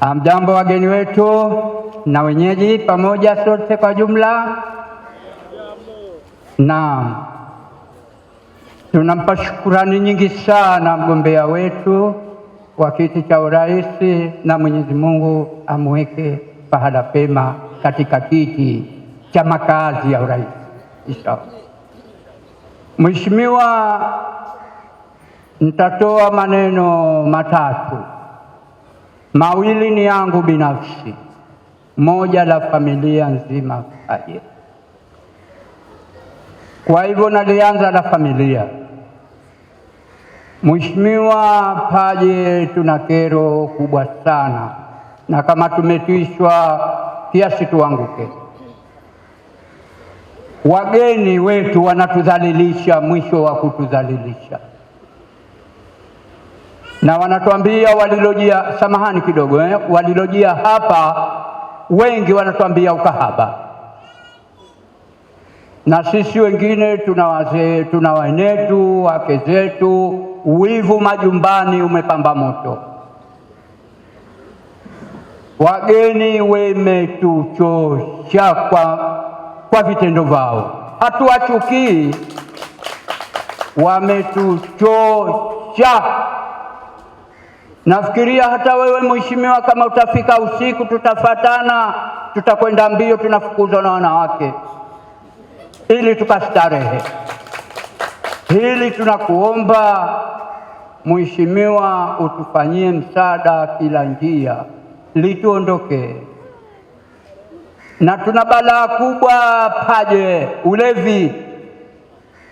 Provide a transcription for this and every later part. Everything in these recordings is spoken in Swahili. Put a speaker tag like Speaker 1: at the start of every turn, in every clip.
Speaker 1: Amjambo wageni wetu na wenyeji, pamoja sote kwa jumla. Naam, tunampa shukurani nyingi sana mgombea wetu wa kiti cha urais, na Mwenyezi Mungu amweke pahala pema katika kiti cha makazi ya urais inshallah. Mheshimiwa, nitatoa maneno matatu. Mawili ni yangu binafsi, moja la familia nzima Faye. Kwa hivyo nalianza la familia. Mheshimiwa paje tuna kero kubwa sana, na kama tumetwishwa kiasi tuanguke. Wageni wetu wanatudhalilisha, mwisho wa kutudhalilisha na wanatuambia walilojia, samahani kidogo eh, walilojia hapa wengi wanatuambia ukahaba, na sisi wengine tuna wazee, tuna wenetu, wake zetu. Wivu majumbani umepamba moto, wageni wemetuchosha kwa, kwa vitendo vao. Hatuwachukii, wametuchosha Nafikiria hata wewe mheshimiwa, kama utafika usiku, tutafatana, tutakwenda mbio, tunafukuzwa na wanawake ili tukastarehe. Hili tunakuomba mheshimiwa, utufanyie msaada kila njia, lituondokee na tuna balaa kubwa Paje, ulevi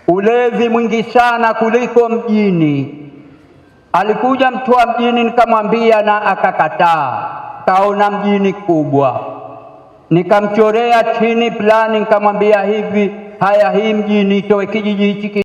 Speaker 1: ulevi mwingi sana kuliko mjini. Alikuja mtu wa mjini, nikamwambia na akakataa. Kaona mjini kubwa, nikamchorea chini plani, nikamwambia hivi, haya, hii mjini itoe kijiji hiki